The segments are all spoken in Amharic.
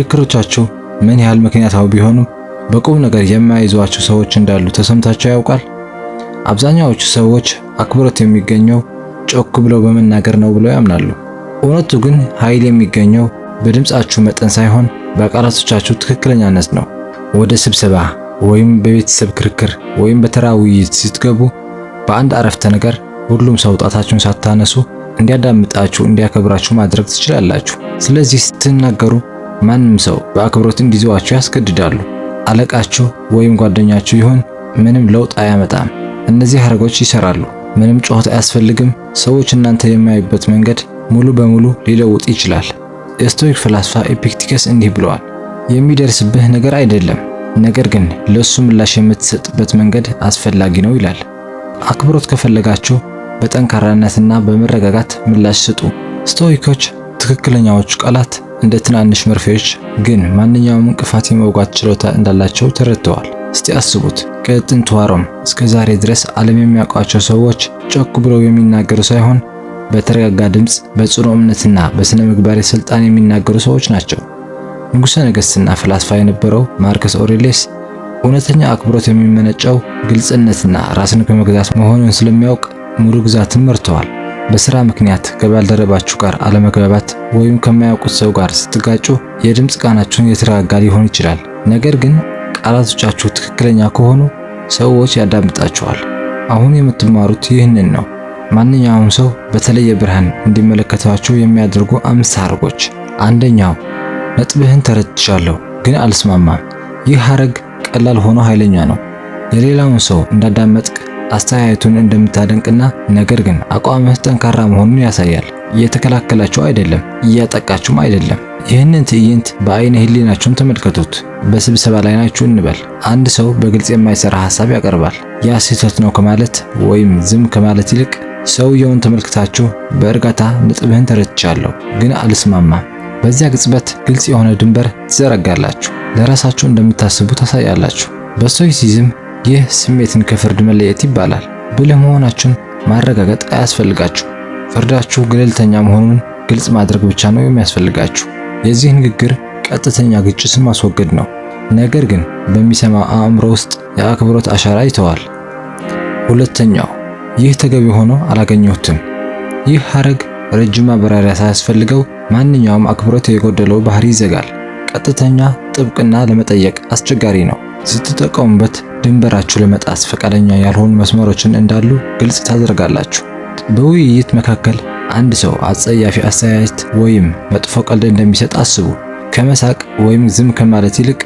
ክርክሮቻቸው ምን ያህል ምክንያታዊ ቢሆኑም በቁም ነገር የማይዟቸው ሰዎች እንዳሉ ተሰምታቸው ያውቃል? አብዛኛዎቹ ሰዎች አክብሮት የሚገኘው ጮክ ብለው በመናገር ነው ብለው ያምናሉ። እውነቱ ግን ኃይል የሚገኘው በድምፃችሁ መጠን ሳይሆን በቃላቶቻችሁ ትክክለኛነት ነው። ወደ ስብሰባ ወይም በቤተሰብ ክርክር ወይም በተራ ውይይት ስትገቡ በአንድ አረፍተ ነገር ሁሉም ሰው ጣታችሁን ሳታነሱ እንዲያዳምጣችሁ፣ እንዲያከብራችሁ ማድረግ ትችላላችሁ። ስለዚህ ስትናገሩ ማንም ሰው በአክብሮትን እንዲዘዋቸው ያስገድዳሉ። አለቃችሁ ወይም ጓደኛችሁ ይሆን ምንም ለውጥ አያመጣም። እነዚህ ሐረጎች ይሰራሉ። ምንም ጩኸት አያስፈልግም። ሰዎች እናንተ የማያዩበት መንገድ ሙሉ በሙሉ ሊለውጥ ይችላል። የስቶይክ ፍላስፋ ኤፒክቲከስ እንዲህ ብለዋል፣ የሚደርስብህ ነገር አይደለም፣ ነገር ግን ለሱ ምላሽ የምትሰጥበት መንገድ አስፈላጊ ነው ይላል። አክብሮት ከፈለጋችሁ በጠንካራነትና በመረጋጋት ምላሽ ስጡ። ስቶይኮች ትክክለኛዎቹ ቃላት እንደ ትናንሽ መርፌዎች ግን ማንኛውም እንቅፋት የመውጋት ችሎታ እንዳላቸው ተረድተዋል። እስቲ አስቡት ከጥንት ዋሮም እስከ ዛሬ ድረስ ዓለም የሚያውቋቸው ሰዎች ጮክ ብለው የሚናገሩ ሳይሆን በተረጋጋ ድምፅ በጽኑ እምነትና በሥነ ምግባር ስልጣን የሚናገሩ ሰዎች ናቸው። ንጉሠ ነገሥትና ፍላስፋ የነበረው ማርከስ ኦሬሌስ እውነተኛ አክብሮት የሚመነጨው ግልጽነትና ራስን ከመግዛት መሆኑን ስለሚያውቅ ሙሉ ግዛትን መርተዋል። በሥራ ምክንያት ከባልደረባችሁ ጋር አለመግባባት ወይም ከማያውቁት ሰው ጋር ስትጋጩ የድምፅ ቃናችሁን የተረጋጋ ሊሆን ይችላል። ነገር ግን ቃላቶቻችሁ ትክክለኛ ከሆኑ ሰዎች ያዳምጣችኋል። አሁን የምትማሩት ይህንን ነው። ማንኛውም ሰው በተለየ ብርሃን እንዲመለከታችሁ የሚያደርጉ አምስት አረጎች አንደኛው ነጥብህን ተረድቻለሁ ግን አልስማማም። ይህ አረግ ቀላል ሆኖ ኃይለኛ ነው። የሌላውን ሰው እንዳዳመጥክ አስተያየቱን እንደምታደንቅና ነገር ግን አቋምህ ጠንካራ መሆኑን ያሳያል። እየተከላከላችሁ አይደለም፣ እያጠቃችሁም አይደለም። ይህንን ትዕይንት በአይነ ህሊናችሁን ተመልከቱት። በስብሰባ ላይ ናችሁ እንበል። አንድ ሰው በግልጽ የማይሰራ ሀሳብ ያቀርባል። ያ ስህተት ነው ከማለት ወይም ዝም ከማለት ይልቅ ሰውየውን ተመልክታችሁ በእርጋታ ነጥብህን ተረድቻለሁ፣ ግን አልስማማም። በዚያ ግጽበት ግልጽ የሆነ ድንበር ትዘረጋላችሁ። ለራሳችሁ እንደምታስቡ ታሳያላችሁ። በስቶይሲዝም ይህ ስሜትን ከፍርድ መለየት ይባላል። ብልህ መሆናችሁን ማረጋገጥ አያስፈልጋችሁ። ፍርዳችሁ ገለልተኛ መሆኑን ግልጽ ማድረግ ብቻ ነው የሚያስፈልጋችሁ። የዚህ ንግግር ቀጥተኛ ግጭትን ማስወገድ ነው፣ ነገር ግን በሚሰማ አእምሮ ውስጥ የአክብሮት አሻራ ይተዋል። ሁለተኛው ይህ ተገቢ ሆኖ አላገኘሁትም። ይህ ሐረግ ረጅም ማብራሪያ ሳያስፈልገው ማንኛውም አክብሮት የጎደለው ባህሪ ይዘጋል። ቀጥተኛ፣ ጥብቅና ለመጠየቅ አስቸጋሪ ነው። ስትጠቀሙበት ድንበራችሁ ለመጣስ ፈቃደኛ ያልሆኑ መስመሮችን እንዳሉ ግልጽ ታደርጋላችሁ። በውይይት መካከል አንድ ሰው አጸያፊ አስተያየት ወይም መጥፎ ቀልድ እንደሚሰጥ አስቡ። ከመሳቅ ወይም ዝም ከማለት ይልቅ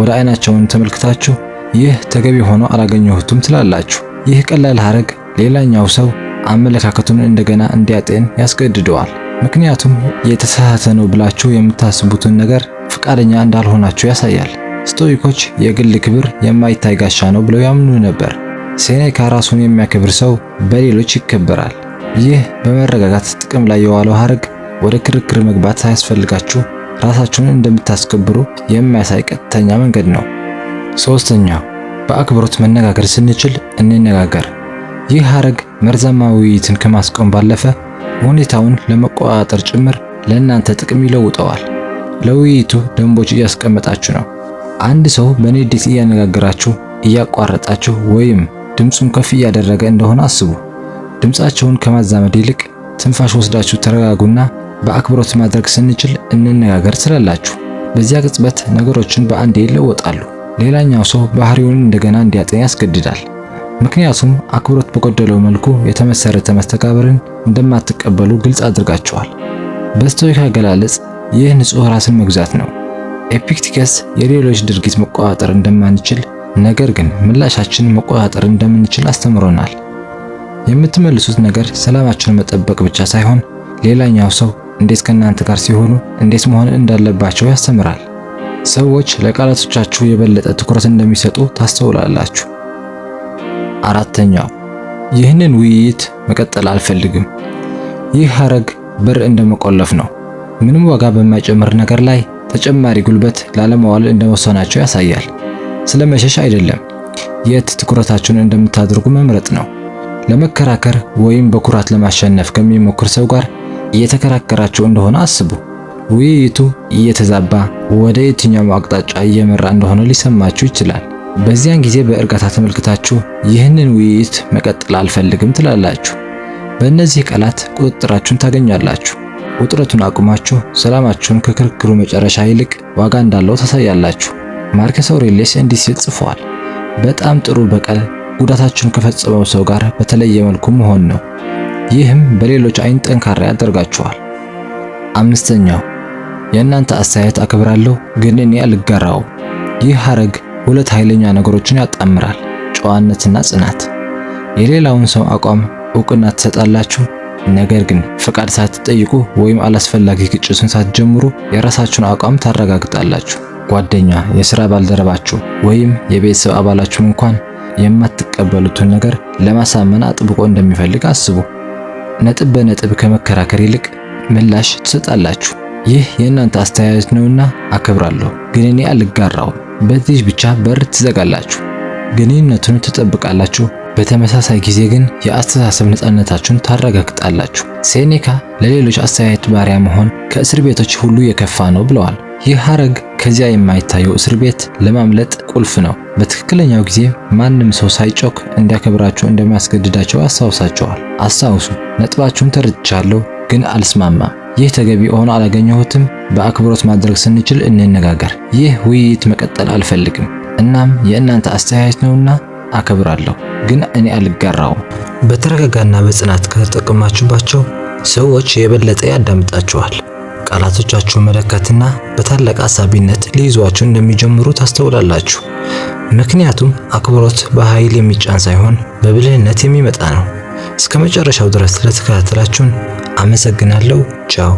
ወደ አይናቸውን ተመልክታችሁ ይህ ተገቢ ሆኖ አላገኘሁትም ትላላችሁ። ይህ ቀላል ሐረግ ሌላኛው ሰው አመለካከቱን እንደገና እንዲያጤን ያስገድደዋል። ምክንያቱም የተሳሳተ ነው ብላችሁ የምታስቡትን ነገር ፈቃደኛ እንዳልሆናችሁ ያሳያል። ስቶይኮች የግል ክብር የማይታይ ጋሻ ነው ብለው ያምኑ ነበር። ሴኔካ ራሱን የሚያከብር ሰው በሌሎች ይከበራል። ይህ በመረጋጋት ጥቅም ላይ የዋለው ሐረግ ወደ ክርክር መግባት ሳያስፈልጋችሁ ራሳችሁን እንደምታስከብሩ የሚያሳይ ቀጥተኛ መንገድ ነው። ሶስተኛ፣ በአክብሮት መነጋገር ስንችል እንነጋገር። ይህ ሐረግ መርዛማ ውይይትን ከማስቆም ባለፈ ሁኔታውን ለመቆጣጠር ጭምር ለእናንተ ጥቅም ይለውጠዋል። ለውይይቱ ደንቦች እያስቀመጣችሁ ነው። አንድ ሰው በንዴት እያነጋገራችሁ፣ እያቋረጣችሁ ወይም ድምፁን ከፍ እያደረገ እንደሆነ አስቡ። ድምፃቸውን ከማዛመድ ይልቅ ትንፋሽ ወስዳችሁ ተረጋጉና በአክብሮት ማድረግ ስንችል እንነጋገር ስላላችሁ በዚያ ቅጽበት ነገሮችን በአንድ ይለወጣሉ። ሌላኛው ሰው ባህሪውን እንደገና እንዲያጤን ያስገድዳል። ምክንያቱም አክብሮት በጎደለው መልኩ የተመሰረተ መስተጋብርን እንደማትቀበሉ ግልጽ አድርጋችኋል። በስቶይክ አገላለጽ ይህ ንጹሕ ራስን መግዛት ነው። ኤፒክቲከስ የሌሎች ድርጊት መቆጣጠር እንደማንችል ነገር ግን ምላሻችንን መቆጣጠር እንደምንችል አስተምሮናል። የምትመልሱት ነገር ሰላማችንን መጠበቅ ብቻ ሳይሆን ሌላኛው ሰው እንዴት ከእናንተ ጋር ሲሆኑ እንዴት መሆን እንዳለባቸው ያስተምራል። ሰዎች ለቃላቶቻችሁ የበለጠ ትኩረት እንደሚሰጡ ታስተውላላችሁ። አራተኛው ይህንን ውይይት መቀጠል አልፈልግም። ይህ ሐረግ በር እንደመቆለፍ ነው። ምንም ዋጋ በማይጨምር ነገር ላይ ተጨማሪ ጉልበት ላለማዋል እንደመወሰናቸው ያሳያል። ስለመሸሽ አይደለም፣ የት ትኩረታችሁን እንደምታደርጉ መምረጥ ነው። ለመከራከር ወይም በኩራት ለማሸነፍ ከሚሞክር ሰው ጋር እየተከራከራችሁ እንደሆነ አስቡ። ውይይቱ እየተዛባ ወደ የትኛውም አቅጣጫ እየመራ እንደሆነ ሊሰማችሁ ይችላል። በዚያን ጊዜ በእርጋታ ተመልክታችሁ ይህንን ውይይት መቀጠል አልፈልግም ትላላችሁ። በእነዚህ ቃላት ቁጥጥራችሁን ታገኛላችሁ። ውጥረቱን አቁማችሁ ሰላማችሁን ከክርክሩ መጨረሻ ይልቅ ዋጋ እንዳለው ታሳያላችሁ። ማርከስ አውሬሊየስ እንዲህ ሲል ጽፏል። በጣም ጥሩ በቀል ጉዳታችሁን ከፈጸመው ሰው ጋር በተለየ መልኩ መሆን ነው። ይህም በሌሎች አይን ጠንካራ ያደርጋችኋል። አምስተኛው የእናንተ አስተያየት አክብራለሁ፣ ግን እኔ አልጋራውም። ይህ ሐረግ ሁለት ኃይለኛ ነገሮችን ያጣምራል፣ ጨዋነትና ጽናት። የሌላውን ሰው አቋም እውቅና ትሰጣላችሁ፣ ነገር ግን ፍቃድ ሳትጠይቁ ወይም አላስፈላጊ ግጭቱን ሳትጀምሩ የራሳችሁን አቋም ታረጋግጣላችሁ። ጓደኛ፣ የሥራ ባልደረባችሁ ወይም የቤተሰብ አባላችሁን እንኳን የማትቀበሉትን ነገር ለማሳመን አጥብቆ እንደሚፈልግ አስቡ። ነጥብ በነጥብ ከመከራከር ይልቅ ምላሽ ትሰጣላችሁ። ይህ የእናንተ አስተያየት ነውና አከብራለሁ፣ ግን እኔ አልጋራውም። በዚህ ብቻ በር ትዘጋላችሁ፣ ግንኙነቱን ትጠብቃላችሁ። በተመሳሳይ ጊዜ ግን የአስተሳሰብ ነፃነታችሁን ታረጋግጣላችሁ። ሴኔካ ለሌሎች አስተያየት ባሪያ መሆን ከእስር ቤቶች ሁሉ የከፋ ነው ብለዋል። ይህ ሐረግ ከዚያ የማይታየው እስር ቤት ለማምለጥ ቁልፍ ነው። በትክክለኛው ጊዜ ማንም ሰው ሳይጮክ እንዲያከብራችሁ እንደሚያስገድዳቸው አስታውሳቸዋል። አስታውሱ፣ ነጥባችሁን ተረድቻለሁ፣ ግን አልስማማም። ይህ ተገቢ ሆኖ አላገኘሁትም። በአክብሮት ማድረግ ስንችል እንነጋገር። ይህ ውይይት መቀጠል አልፈልግም። እናም የእናንተ አስተያየት ነውና አከብራለሁ፣ ግን እኔ አልጋራውም። በተረጋጋና በጽናት ከተጠቀማችሁባቸው ሰዎች የበለጠ ያዳምጣችኋል። ቃላቶቻችሁ መለከትና በታላቅ አሳቢነት ሊይዟችሁ እንደሚጀምሩ ታስተውላላችሁ። ምክንያቱም አክብሮት በኃይል የሚጫን ሳይሆን በብልህነት የሚመጣ ነው። እስከ መጨረሻው ድረስ ለተከታተላችሁን አመሰግናለሁ። ቻው